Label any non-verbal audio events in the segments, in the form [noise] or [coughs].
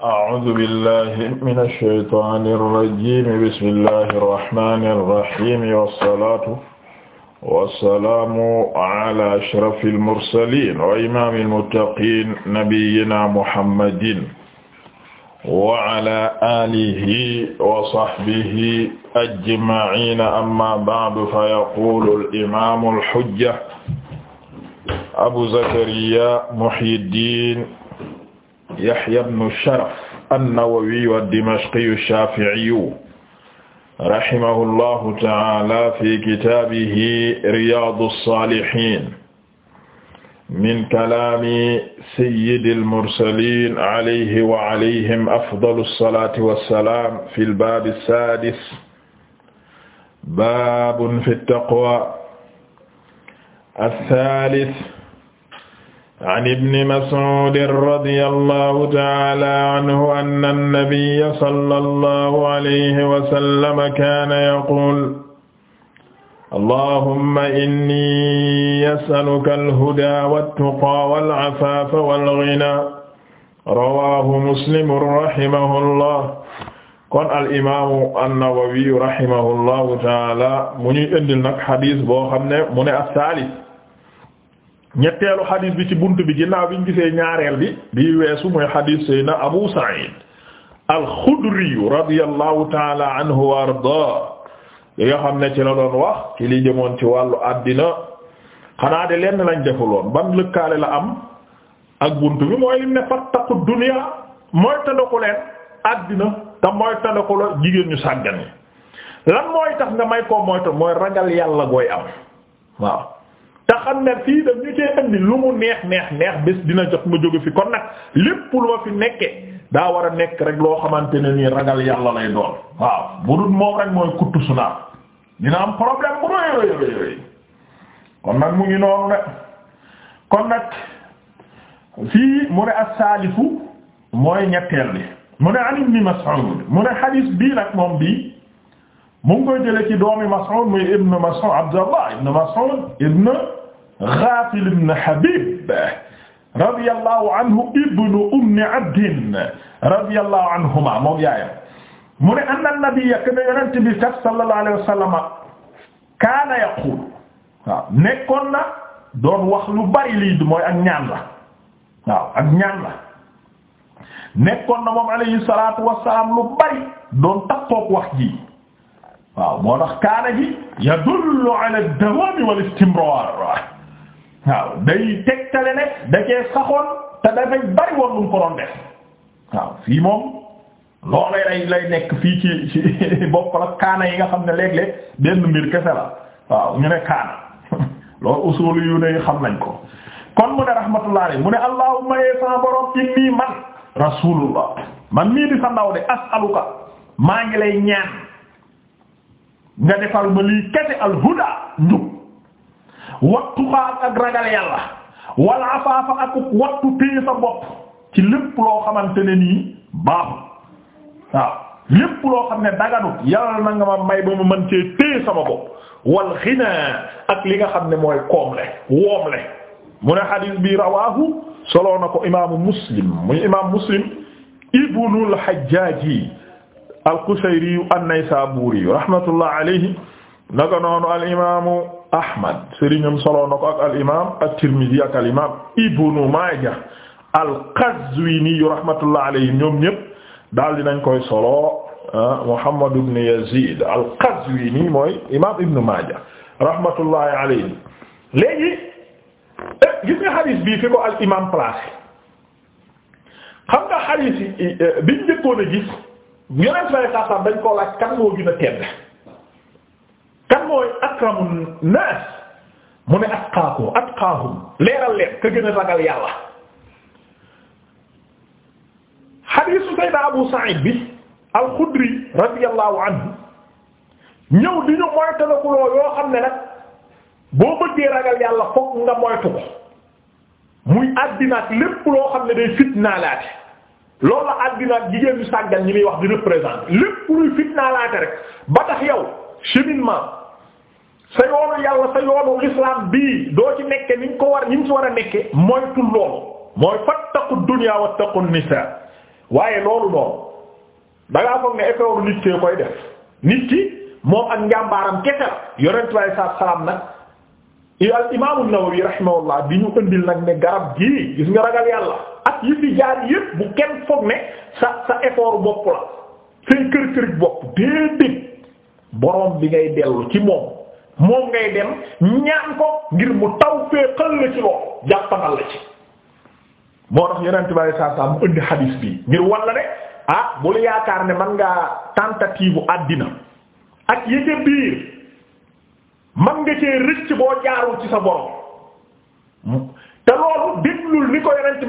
أعوذ بالله من الشيطان الرجيم بسم الله الرحمن الرحيم والصلاة والسلام على أشرف المرسلين وإمام المتقين نبينا محمد وعلى آله وصحبه أجمعين أما بعد فيقول الإمام الحجة أبو زكريا محي الدين Yahya ibn Sharaf an-Nawawi ad-Dimashqi ash-Shafi'i rahimahullahu ta'ala fi kitaabihi Riyaadu s-Saalihiin min kalaami sayyidil mursaliin alayhi wa alayhim afdalu s-salaati wa s-salaam fil baabi s-saadis baabun fit taqwaa as-saalis an ibni mas'uudin radiyallahu ta'aala anhu anna nabiyya sallallahu alayhi wa sallam kaana yaquul allahumma inni as'aluka al-hudaa wat-tuqaa wal-'afaafa wal-ghinaa rawaahu muslimun rahimahullah kon al-imaamu an-nawawi rahimahullahu ta'aala mu ñuy indil nag xadiis boo xam ne mu ne as-saalis ñetteelu xadis bi ci bunt bi ginnaaw bi ñu gisee ñaareel bi bii weesu mooy xadis Seydina Abu Sa'id al-Khudri radiyallahu ta'ala anhu wa ardaa li nga xam ne ci la doon wax ci li jëmoon ci wàllu àddina xanaa de lenn lañ defuloon ban lëkkaale la am ak bunt bi mooy lim ne fattaqu dunya mooy tandaku leen àddina te mooy tandaku la jigéen ñu sàggan yi lan mooy tax nga may koo moytu mooy ragal yàlla gooy am waaw te xam ne fii daf ñu cee indi mu neex neex neex bés dina jot mu jóge fi kon nag lépp lu fi nekke daa war a nekk rek loo xamante ne nii ragal yàlla lay doon waaw bu dul moom rek mooy am problème bu rëy kon nag mu ngi noonu rek kon nag fii mu ne as-saalifu mooy ñetteel bi mu ne an ibni Mas'ud mu ne xadiis bii nag moom bii mu ngi koy jële ci doomi Mas'ud muy ibnu Mas'ud Abdullah ibnu Mas'ud ibnu Ghafil ibn Habib radiyallahu anhu ibnu ummi abdin radiyallahu anhuma moom yaayam mu ne anna nabiyya kana yonent bi sax sallallahu alayhi wa sallam kaana yaqul waaw nekkoon na doon wax lu bari lii mooy ak ñaan la waaw ak ñaan la nekkoon na moom alayhi salaatu wa salaam lu bari doon takkook wax ji waaw moo tax kaana ji yadullu ala ad-dawaami wal istimraar waaw day tegtale ne da cee saxoon te dafay bari woon mu ko def waaw fii moom loolee lay lay nekk fii ci ci [laughs] bokk la kaana yi nga xam ne léeg-léeg benn mbir kese la waaw ñu ne kaana [laughs] loolu usulu yu ne xam nañ ko kon mu ne rahmatullah alayhi mu ne allahumma ya sa borom inni man rasulullah man mii di sa ndaw de as'aluka maa ngi lay ñaan nga defal ma lii kese al huda njub wattu xaar ak ragal yàlla wal afaafa ak wattu téye ci lépp loo xamante ne nii baaxul loo xam ne daganut yàlla na nga ma may ba ma mën cee téye wal xina ak li nga xam ne mooy koomle woomle mu ne xadiis bi rawaahu soloo na ko imaamu muslim muy imaam muslim ibnul hajjaaji al-Qushayri rahmatullah alayhi naka al imaamu Ahmad sëriñam solo na ko ak al imaam at-Tirmidhi ak al imaam Ibnu Maaja al-Qazwini rahmatullah alayhim ñoom ñëpp daal dinañ koy solo ah, Muhammad ibn Yazid al-Qazwini mooy imaam Ibnu Maaja rahmatullahi alayhi léegi eh, gis nga xadiis bii fi ko al imaam placé xam nga xadiis yi eh, biñ njëkkoon a gis yeneen saa yi dañ koo laaj kan moo gën a tedd mooy akramun naas mu ne atqaakum atqaahum leeral leen ka gën a ragal yàlla hadiisu Sayyidina Abu Sa'id bi al-Khudri di ñu yoo xam ne nag boo bëggee ragal yàlla fokk nga moytu ko muy àddina ak lépp loo xam ne day fitnaalaate loolu la àddina ak jigéen ñu ñi muy wax di représenter lépp luy fitnaalaate rek ba tax yow cheminement sa yoonu yàlla sa yoonu l'islam bii doo ci nekke ni nga ko war ni nga ci war a nekke moytu loolu mooy fattaqu dunya wattaqu nisa waaye loolu noonu da ngaa foog ne effort nit kee koy def nit ki moom ak njàmbaaram kese la yonent bi saa salaam nag al imaamu Nawawi rahimahullah bi ñu ëndil nag ne garab gii gis nga ragal yàlla ak yi fi jaar yépp bu kenn foog ne sa sa effort bopp la seen kër kër bopp déedéet borom bi ngay dellu ci moom. moom ngay dem ñaan ko ngir mu taw fee xël la ci loolu jàppanal la ci moo tax yonent bi saa saa mu bi ngir walla ne ah bu yaakaar ne man ngaa tentative àddina ak yëge biir man nga cee rëcc boo jaarul ci sa borom te loolu déglul ni ko yonent bi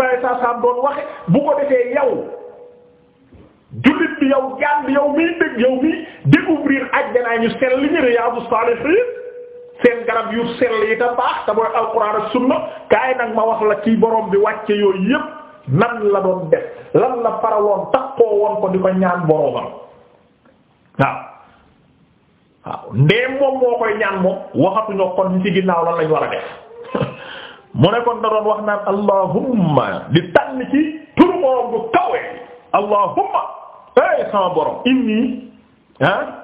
doon waxe bu ko defee yow jullit bi yow jaan bi yow miy dëgg yow miy découvrir ajjanaa ñu sell li ñu Riyâdous-Sâlihîne seen garab yu sell yi te baax te mooy alxuraan ak sunna kaay nag ma wax la ci boroom bi wàcce yooyu yépp nan la doon def lan la faraloon takkoo woon ko di ko ñaan boromam waaw waaw ndéem moom moo koy ñaan moom waxatuñoo kon ñu ci ginnaaw lan lañ war a def [laughs] mu ne da doon wax naan allahumma di tànn ci turu borom bu kawee allahumma eh sama borom inni ah.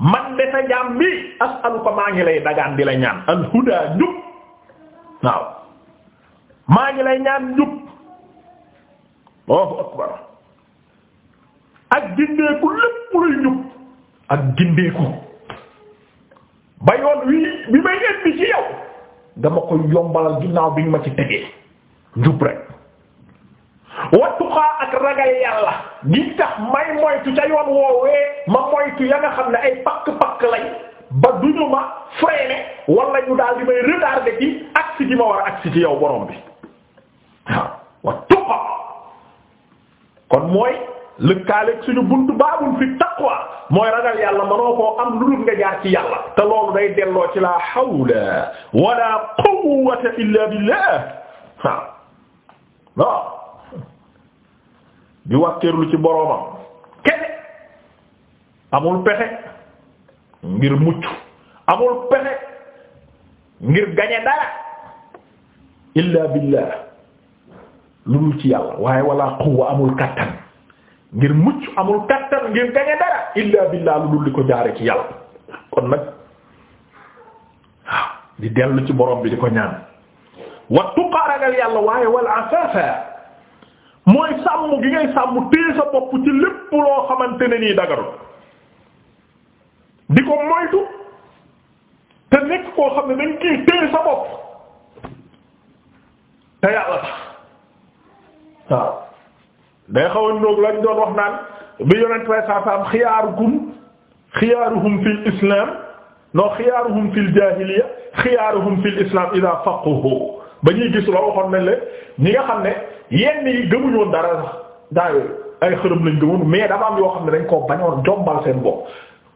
man de sa jaam bi as'aluka maa ngi lay dagaan di la ñaan al huda njub waaw maa ngi lay ñaan njub Allahu akbar ak gindeeku lépp luy njub ak gindeeku ba yoon wi bi may indi ci yow dama koy yombalal ginnaaw bi ñu ma ci tegee njub rek wattuxaa ak ragal yàlla gi tax may moytu ca yoon woowee ma moytu ya nga xam ne ay pakk-pakk lay ba duñu ma freiner wala ñu daal di may retarder ci agsi ci ma war a ci yaw borom bi waaw kon mooy lëkkaaleeg suñu bunt baabul fi taqwa mooy ragal yàlla ma koo am lu dul nga jaar ci yàlla te loolu day delloo ci la hawla wala quwwata illa billah waaw waaw di wàkkeerlu ci boroomam kene amul pexe ngir mucc amul pexe ngir gañe dara illa billah lu dul ci yàlla waaye wala quwwa amul kattan ngir mucc amul kattan ngir gañe dara illa billah lu dul di ko jaare ci yàlla kon nag waaw di dellu ci boroom bi di ko ñaan wa tuqa yàlla waaye wal afafa mooy sàmm gi ngay sàmm téye sa bopp ci lépp loo xamante ne nii dagarul di ko moytu te nekk koo xam ne dañ kii téye sa bopp te yàlla tax waaw day xaw a ñëw lañ doon wax naan bi yonent fay saa saam xiyaarukum xiyaaruhum fil islam non xiyaaruhum fil jaahiliya xiyaaruhum fil islam ila ba ñuy gis loo waxoon nañ la ñi nga xam ne. yenn yi gëmuñu dara daa yooyu ay xërëm lañ gëmoon mais dafa am yoo xam ne dañ koo bañoon jombal seen bopp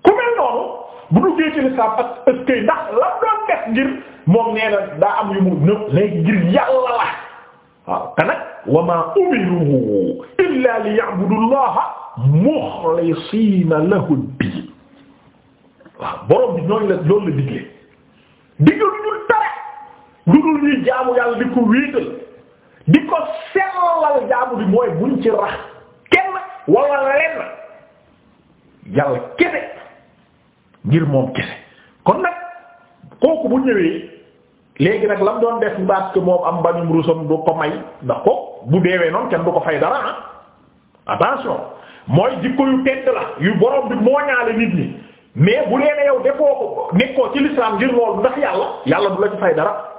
ku mel noonu bu duggee ci lislaam ak ëskay ndax lan doon def ngir moom nee na daa am yu mu nëb léegi ngir yàlla la waaw te nag wa maa umiru illa liya'budu allaha muxlisiina lahu ddiin waaw borom bi ñooñu la loolu la digle digle lu dul dara lu dul ñuy jaamu yàlla di ko wéetal di ko sellal jaamu bi mooy buñ ci rax kenn wala lenn yàlla kese ngir moom kese kon nag kooku bu ñëwee léegi nag lam doon def mbaat moom am mbañum rusam du ko may ndax ko bu deewee noonu kenn du ko fay dara ah attention mooy jikko yu tedd la yu borom bi moo ñaale nit ñi mais bu leen yow defoo ko nekkoo ci l'islam ngir loolu ndax yàlla yàlla du la ci fay dara.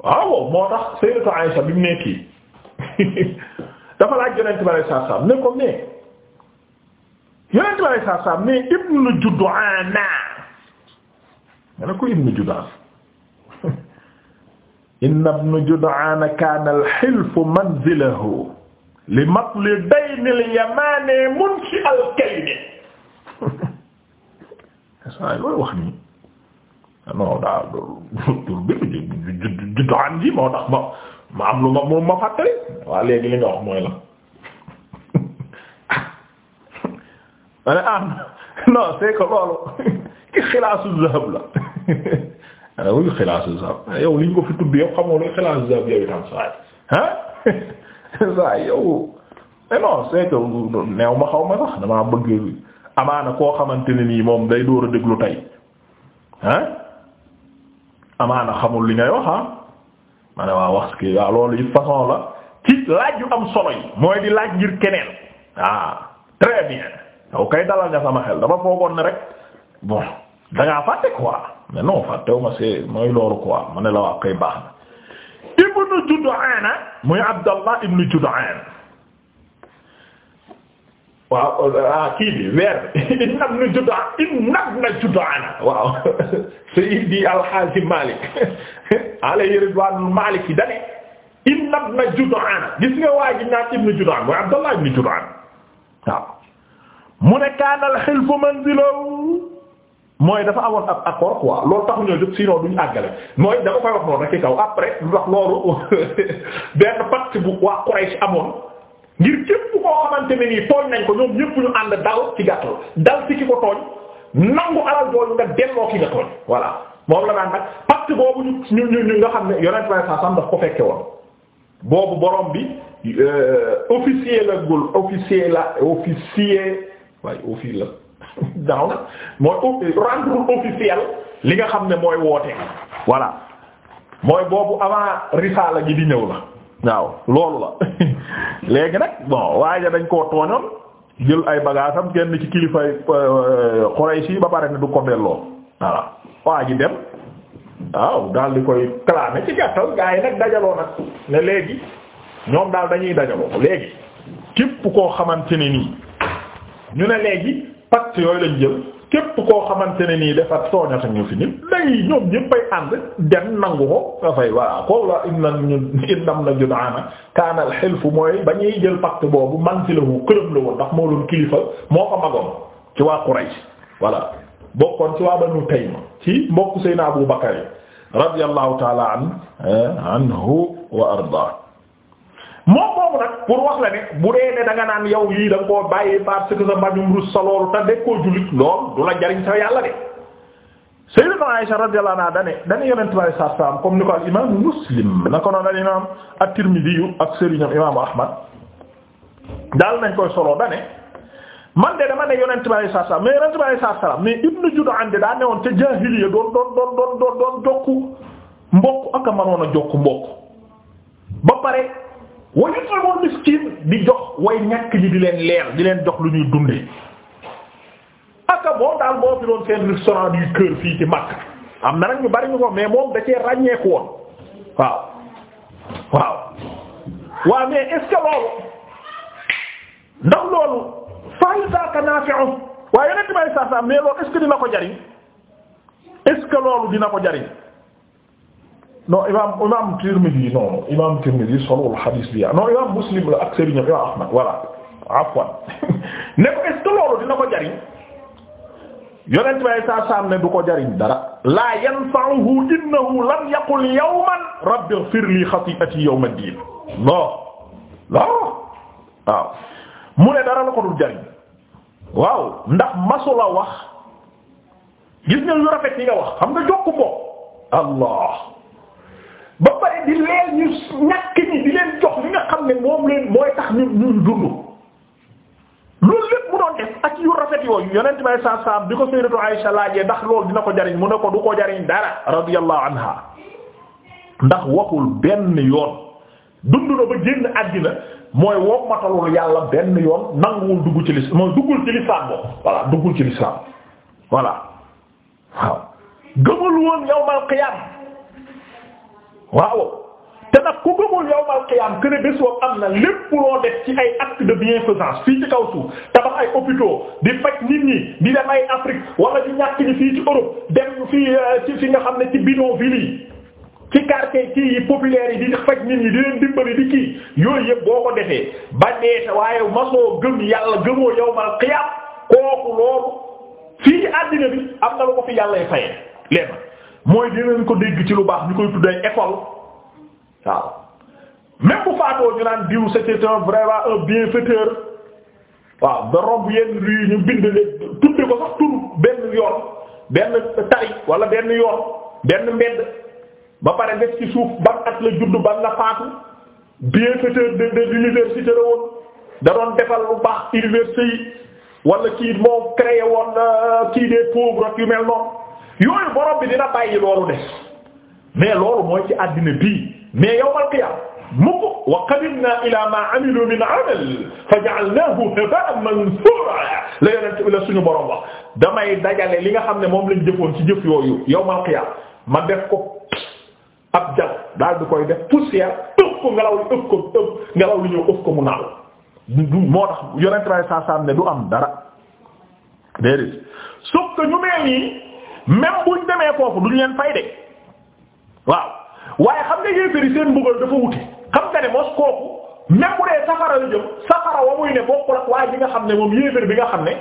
waaw moo tax sayyidatu Aisha bi mu nekk yi [laughs] dafa laaj yonent bi alayhi salaam ne ko ne yonent bi alayhi salaam ne ibnu Judaana nga ne ko ibnu Judaana [laughs] inna ibnu Judaana kaana al-hilfu manzilahu li matli dayni al-yamaani [laughs] non daa tur bi juddu an ji moo tax ma ma am lu ma mu ma fàttali waa léegi li nga wax mooy la ma ne ah non c'est que loolu ki xilaasu zahab la ana wuy xilaasu zahab yow liñ ko fi tudd yow xamoo lu xilaasu zahab yow itam saay ah saay yow mais non c'est que neew ma xaw ma sax damaa bëgg amaana koo xamante ne nii moom day door a déglu tey ah amaana xamul li ngay wax ah ma ne waa wax ki waaw loolu it façon la ci laaj yu am solo yi mooy di laaj ngir keneen ah très bien yow kay dalal nga sama xel dama foogoon ne rek bon da ngaa fàtte quoi mais non fàttewu ma mooy loolu quoi ma ne la waa koy baax na ibnu Jud'ana muy Abdallah ibnu Jud'ana waaw ah, kii bi weer bi [laughs] inna ibn Jud'aan inna ibn Jud'aan waaw [laughs] sayyidi alxaaji Maalik [laughs] alayhi ridwaanul Maalik yi dane inna ibn Jud'aan gis nga waa ji naan ibn Jud'aan mooy Abdallah ibn Jud'aan mu ne kaana al-hilfu manzilahu mooy dafa amoon ab accord quoi loolu taxu ñoo jóg sinon duñu àggale mooy dafa koy wax noonu rek ci kaw après wax loolu benn pacte bu waa Quraysh amoon ngir képp koo xamante ne nii tooñ nañ ko ñoom ñëpp ñu ànd dal ci gàttal dal ci ki ko tooñ nangu alal jooju nga delloo ki nga tooñ voilà moom la naan nag pacte boobu ñu ñu ñu nga xam ne yonent bay saa sam daf ko fekke woon boobu borom bi euh, officier la gul officier la officier waaye officier la [laughs] daaw na mooy rendre officiel li nga xam ne mooy woote voilà mooy boobu avant risala gi di ñëw la waaw loolu la [laughs] léegi nag bon waaye dañ koo tooñoon jël ay bagaasam kenn ci kilifay euh, Qurayshi ba pare ne du ko delloo waaw waa ji dem waaw daal di koy clamer ci gàttal gaa nag dajaloo nag ne léegi ñoom daal dañuy dajaloo léegi képp koo xamante ne nii ñu ne léegi pacte yooyu lañ jël képp koo xamante ne nii dafa tooñata ñu fi nit day ñoom ñëpp ay ànd nangu ko dafay voilà kooku la im nan ñu indam na judaana kaanal xilfu mooy ba ñuy jël pacte boobu man ci këram la woon ndax moo doon kilifa moo ko magoon ci waa Quraysh voilà bokkoon ci waa Banu Tayma ci mbokk Seydina Abu Bakar radiyallahu ta'ala an eh, anhu wa arda moom moomu nag pour wax la ne bu dee ne da naan yow lii da nga koo bàyyi parce que sa mbañum rus sa loolu te deg koo jullit loolu du la jariñ sa yàlla de Sayyidatu Aisha radiyallahu anha dane dane yonent bi alayhi salaatu salaam comme ni ko al imam Muslim na ko noon al imaamu Ahmad daal nañ koy soloo dane man de dama ne yonent bi alayhi salaatu salaam mais yonent bi alayhi salaatu salaam mais Ibnu Jud'aan de daa newoon ca jaahiliya doon doon doon doon doon doon jokku mbokk ak a mënoon a jokku mbokk ba pare wa yut'imul miskiin di jox way ñàkk ñi di leen leer di leen jox lu ñuy dundee aka moom daal moo fi doon seen restaurant du cœur fii ci Makka am na nag ñu bari ñu ko mais moom da cee ràññeeku woon waaw waaw waaw mais est loolu ndax loolu faal saaka naafi'u waaye yonent may saa saa mais loolu dina ko jariñ est loolu dina ko jariñ non imam imam Tirmidhi non imam Tirmidhi solul hadis bi ah, non imam Muslim la ak Serigne imam Ahmad voilà afwan [laughs] ne ko est-ce loolu dina ko jariñ yonent bay saa saam ne du ko jariñ dara la yanfa'uhu innahu lam yaqul yawman rabbi ighfir li khati'ati yawm ad-din waaw mu ne dara la ko dul jariñ waaw ndax masula wax gis nga yu rafet yi nga wax xam nga jokk mbokk allah di leen ñu ñàkk ñi di leen jox li nga xam ne moom leen mooy tax ñu ñuy dund loolu lépp mu doon def ak yu rafet yooyu yonent bay sa saam bi ko sayyidatu Aisha laajee ndax loolu dina ko jariñ mu ne ko du ko jariñ dara radiyallahu anha ndax waxul benn yoon dund na ba génn àddina mooy wommatalul yàlla benn yoon nanguwul dugg ci lislaam mooy duggul ci lislaam duggul ci lislaam voilà waaw gëmul woon yawmal qiyaam waaw te nag ku gëmul yowmal qiyaam que ne bés boobu am na lépp loo def ci ay acte de bienfaisance fii ci kaw suuf tabax ay hôpitaux di faj nit ñi di dem ay Afrique wala di ñàkk ñi fii ci Europe dem fii euh, ci fi nga xam ne ci bidonville yi ci quartier kii yi populaire yi di faj nit ñi di leen dimbali di kii yooyu yëpp boo ko defee ba dee waaye masoo gëm yàlla gëmoo yowmal qiyaam kooku loolu fii ci àddina bi am na lu ko fi yàlla fayee léegi. mooy dinañ ko dégg ci lu baax ñu koy tudday école waaw même faatoo ñu naan diw c'était un vraiment un bienfaiteur waaw da romb yenn rue ñu bind leen tudde ko sax tur benn yoon benn tari wala benn yoon benn mbedd ba pare def ci suuf ban at la judd ban la faatu bienfaiteur de de l'université la woon da doon defal lu baax université yi walla kii moo créé woon euh, kii des pauvres ak yu mel noonu. yooyu borom bi dina bàyyi loolu des mais loolu mooy ci àddina bii mais yawmal mu ko wa qadimnaa ilaa maa amilu min amal faja'alnaahu habaa'an mansuuraa la yonent la suñu borom wax damay dajale li nga xam ne moom lañ jëfoon ci jëf yooyu yawmal qiyaama ma def ko ab jal daal di koy def poussière ëpp ko ngelaw li ëpp ko ëpp ngelaw li ñëw ëpp ko mu naaw moo tax yonent saa saa ne du am dara déedéet sauf que ñu mel nii même buñ demee foofu duñ leen fay de waaw waaye xam nga yéeféri seen mbugal dafa wute xam nga ne mos kooku même bu dee safara yu jëm safara wa muy ne bokkul ak waaye bi nga xam ne moom yéeféri bi nga xam ne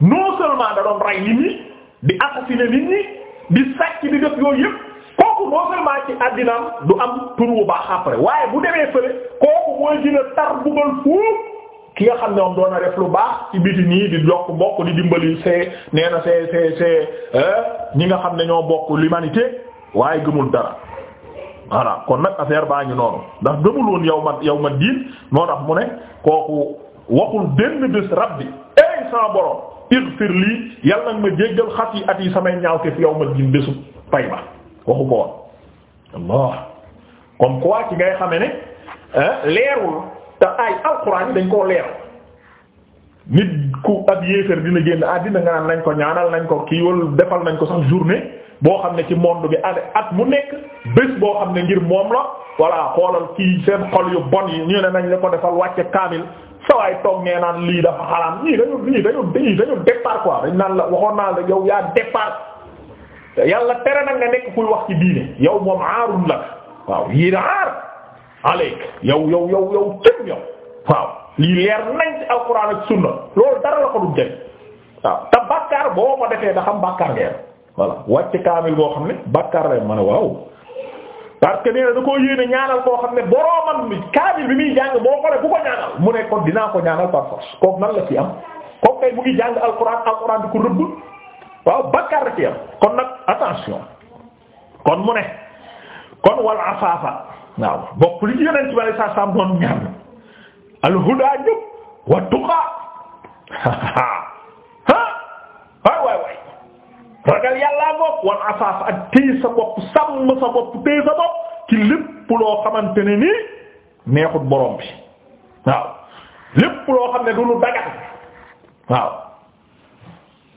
non seulement da doon rey nit ñi di assassiner nit ñi di sàcc di def yooyu yëpp kooku non seulement ci àddinaam du am tur wu baax après waaye bu demee fële kooku mooy dina tar mbugal foofu ki nga xam ne moom doon na def lu baax ci biti nii di yokk bokk di dimbali see nee see see see ñi nga xam ne ñoo bokk l'humanité waaye gëmul dara voilà kon nag affaire baa ngi noonu ndax gëmul woon yow ma yow ma diin moo tax mu ne kooku waxul benn bés rabbi ey sama borom ighfir lii yàlla nag ma jéggal xat yi at yi samay ñaaw te fi ma diin bésu pay ba waxu ko woon comme quoi ci ngay xame ne eh, leerul te ay alxuraan yi dañ koo leer nit ku ab yéeféer dina génn àddina nga naan nañ ko ñaanal nañ ko kii wala defal nañ ko sax journée boo xam ne ci monde bi at mu nekk bés boo xam ne ngir moom la voilà xoolal kii seen xol yu bon yi ñu ne nañ la ko defal wàcce kaamil sawaay toog nee naan lii dafa xaraam ñii dañu ñii dañu dañu dañ naan la waxoon naa la yow yaa départ yàlla tere nag nga nekk kuy wax ci diine yow moom aarul la waaw yii aar aleyk yow yow yow yow tëm yow waaw lii leer nañ ci alquran ak sunna loolu dara la ko du jël waaw te bàkkaar boo ko defee da xam bàkkaar ngeen voilà wàcc kaamil boo xam ne bàkkaar la ma ne waaw parce que nee da koo yéene ñaanal koo xam ne boroomam mi kaamil bi muy jàng boo ko ne bu ko ñaanal mu ne kon dinaa ko ñaanal par force kooku la ci am kooku kay mu ngi jàng alquran alquran di ko rëbb waaw bàkkaar la ci am kon nag attention waaw bokk li ci yonent bi saa saam doon ñaan alhuda njub wa tuqa [laughs] waay waay waay ragal yàllaa wal afaaf ak téy sa bopp sàmm sa bopp téy sa bopp ci lépp loo xamante ne nii neexut borom bi waaw lépp loo ne du lu dagat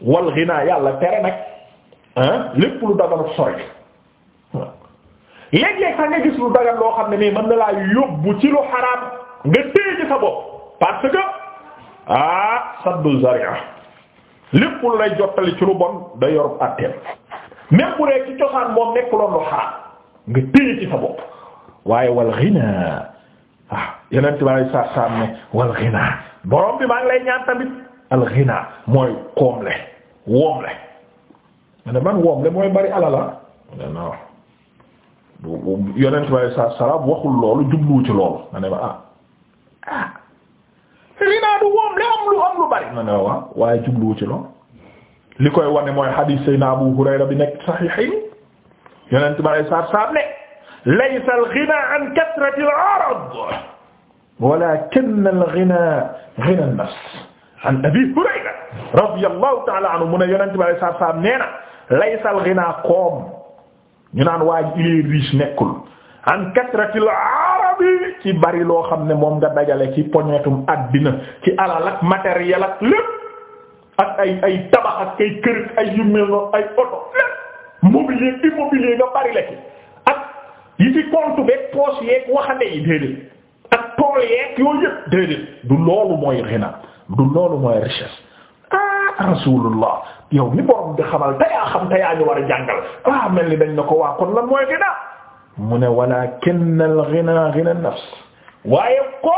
wal ghina yàlla tere nag lépp lu daganut sori léeg sax nga gis lu dagan loo xam ne mais mën na laa yóbbu ci lu xaraam nga téye ci sa bopp parce que ah saddu zaria lépp lay jottali ci lu bon da yor àtteel même ci cosaan moom nekk lu xaraam nga téye ci sa bopp waaye wal ghina ah yeneen tubaab yi saa ne wal ghina borom bi maa ngi lay ñaan tamit al ghina mooy koomle woomle man man woomle mooy bari alala ah? non. yonent bi saa salaam waxul loolu jubluwu ci loolu ma ne ma ah ah rinaa du woom li am lu am lu bari ma ne waaw waaye jubluwu ci loolu li koy wane mooy xadiis sayna Abu Hurayra bi nekk saxiixayn yonent bi saa salaam ne laysa al-ghinaa an kasrati al-arad walaakin al-ghinaa ghinaa an-nafs an Abi Hurayra radiyallahu ta'ala anhu mu ne yonent bi saa salaam nee na laysa al-ghinaa koom ñu naan waa ji il est riche nekkul an katratil arabi ci bari loo xam ne moom nga dajale ci poñetum àddina ci alal ak matériel ak lépp ak ay ay tabax ak ay kër ay yu mel nga bari la ci ak yi ci compte beeg poche yeeg waxande yi déedéet ak tool yeeg yooyu yëpp déedéet du loolu mooy xinaa du loolu mooy richesse. rasulullah yow ni borom bi xamal te xam te yaa ñu war a jàngal ah mel ni dañ na ko waa kon lan mooy gina mu ne walakin al ghina ghina nafs waaye ko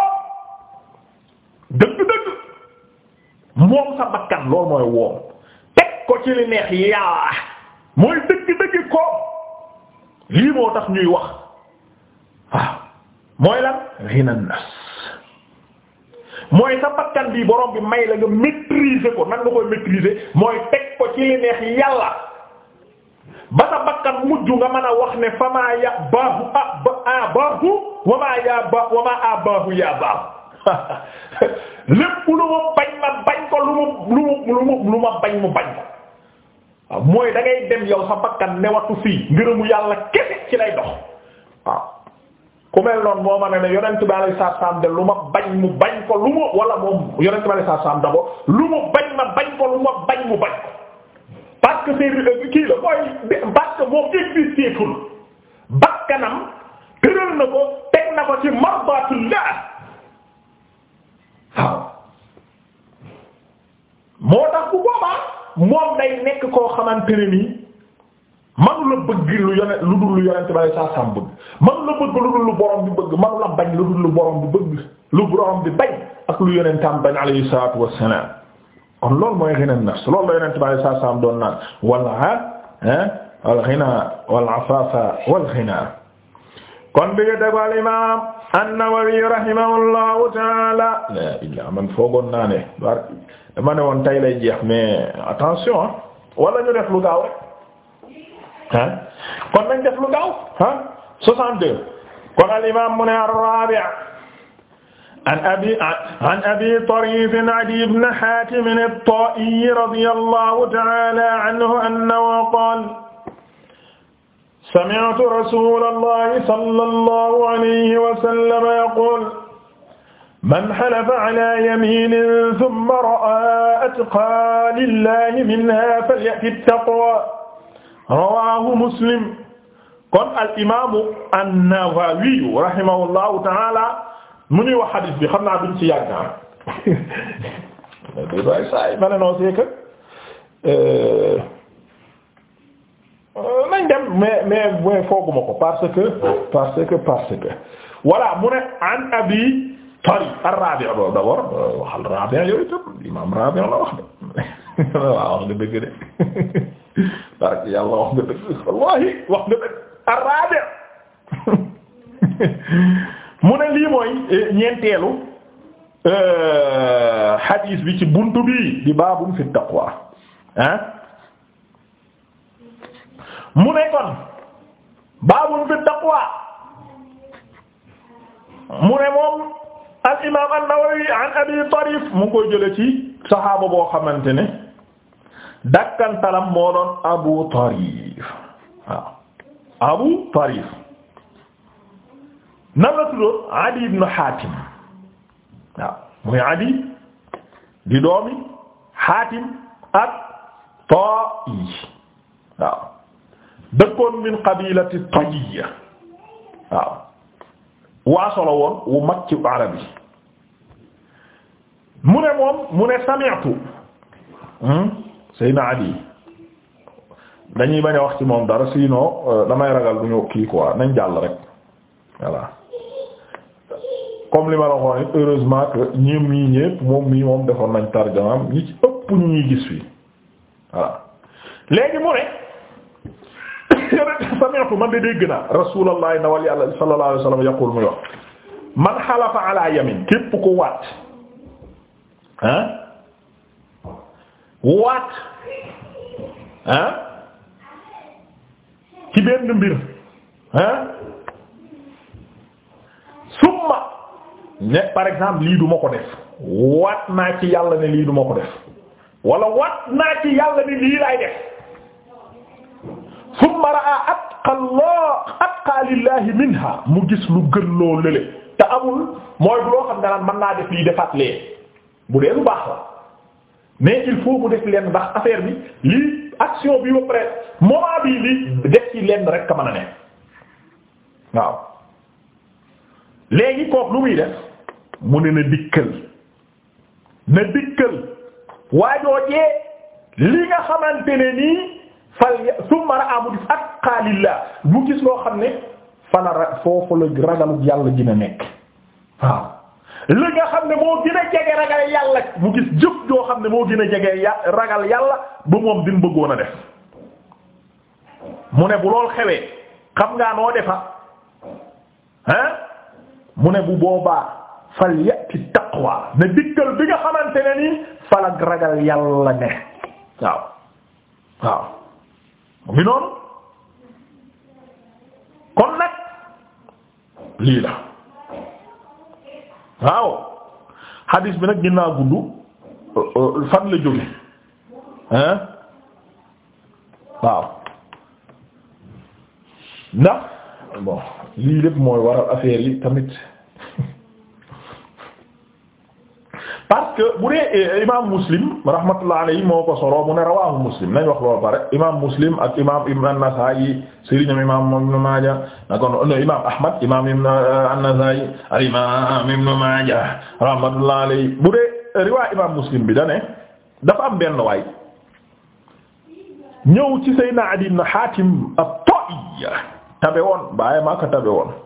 dëgg-dëgg moom sa bakkan mooy woom teg ko ci li neex yaa mooy dëgg-dëgg ko lii moo tax ñuy wax waaw ah, mooy lan ghina nafs mooy sa bakkan bi bi may la nga mit maîtriser ko a lépp lu ma bañ ma bañ ko lu ma lu ma lu ma lu ma bañ mu bañ ko waaw mooy da ngay dem yow sa bakkan newatu fii ngërëmu yàlla kese ci lay dox waaw. ku mel noonu moo ma ne ne yonent bi alayhi salaam de lu ma bañ mu bañ ko lu ma wala moom yonent bi alayhi salaam da ko lu ma bañ ma bañ ko lu ma bañ mu bañ ko parce que c'est euh, kii la mooy parce que moom existé tul bakkanam tëral na ko teg na ko ci mardatullah waaw moo tax bu boobaa moom day nekk koo xamante ne nii manu la bëgg lu yone lu dul lu yonent ba saa saam bëgg manu la bëgg lu dul lu borom bi bëgg manu la bañ lu dul lu borom bi bëgg lu borom bi bañ ak lu yonentam bañ alayhi salaatu wassalaam kon loolu mooy ghina nafs loolu la yonent ba saa doon naan wal aar ah wal ghina wal afafa wal ghina kon bi nga al imaam an-Nawawi ne dama ne woon tay lay jeex mais attention wala ñu def lu gaaw ah kon nañ def lu gaaw ah 62 kon al imam mu ne ar-rabi' an abi an abi Tarif Adiy ibn Hatim at-Ta'i radiyallahu ta'ala anhu annahu qala sami'tu rasulallahi sallallahu alayhi wa sallam yaqul man xalafa ala yaminin summa ra'a atqaa lillahi minha falya'ti bittaqwa rawahu muslim kon al imaamu an-Nawawi rahimahullahu taala mu ñuy wax hadith bi xam naa duñ ci yàgg naa day saay ma ne noo c'est que euh, nañ dem mais mais fooguma ko parce que parce que parce que voilà mu ne an abi tari ar-Rabi' d'abord waxal Rabi' yooyu tam imam Rabi' la wax de [laughs] waaw wax de dëgg de [laughs] barke yàlla wax wax nga dëgg arabe mu ne lii mooy eh, ñeenteelu hadith euh, bi ci buntu bi di baabum fi taqwa ah mu ne kon baabum fi taqwa mu ne moom al imam an-Nawawi an Abi Tarif mu koy jële ci saxaaba boo xamante ne dakkantalam moo doon Abu Tarif waaw Abu Tarif nan la tuddoon Adi ibn Hatim muy Adi di Hatim ak Ta'i waaw min qabilati Tayyiya waaw waasolo wu mag ci arab yi moom mu ne Seyna Adi dañuy bañ a wax ci moom dara sinon euh, damay ragal bu ñu kii quoi nañ jàll rek voilà comme li ma la waxoon heureusement que ñoom ñii ñépp moom mii moom defoon nañ tarjamaam ñi ci ëpp ñu ñuy gis fii voilà léegi mu ne [coughs] sami'tu man de dégg naa Rasulullah nawal yàlla sallallahu alayhi wasallam yaqul muy wax man xalafa ala yamin képp ko waat waat ah ci benn mbir ah summa ne par exemple lii du ma ko def waat naa ci yàlla ne lii du ma ko def walla waat naa ci yàlla ne lii laay def summa raa atqa Allah atqa lillahi minha mu gis lu gën loo lële te amul mooy loo xam ne naan man naa def lii defaat lee bu dee lu baax la. mais il faut mu def leen ndax affaire bi lii action bi ba pare moment bii lii def ci leen rek ka mën a ne waaw léegi kooku lu muy def mu ne na dikkal na dikkal waajoojee li nga xamante ne nii fal summa ra'a mu gis ak mu gis loo xam ne fana ra foofu la ragalug yàlla dina nekk waaw li nga xam ne moo gën a jege ragal yàlla mu gis jëf joo xam ne moo gën a jege ya ragal yàlla ba moom din bëggoon a def mu ne bu lool xewee xam ngaa noo defa ah mu ne bu boobaa fal yati taqwa ne dikkal bi nga xamante ne nii falak ragal yàlla ne waaw waaw mu noonu kon nag lii la waaw xadiis bi nag ginnaaw gudd fan la jóge hein waaw ndax bon lii lépp mooy waral affaire yi tamit parce que bu dee eh, muslim rahmatullah alayhi moo ko solo mu ne rawaahu muslim nañ wax loolu pare imaam muslim ak imaam ibn an-Nasaa'i sëriñam ibn Maaja nakon imaam Ahmad imaam ibn eh, an al imaam ibn Maaja rahmatullah alayhi bu dee eh, riwaay muslim bi da ne dafa am benn waay ñëw ci Seydina Adi ibn Haatim at-Taa'i tabe woon bàyyi maa tabe woon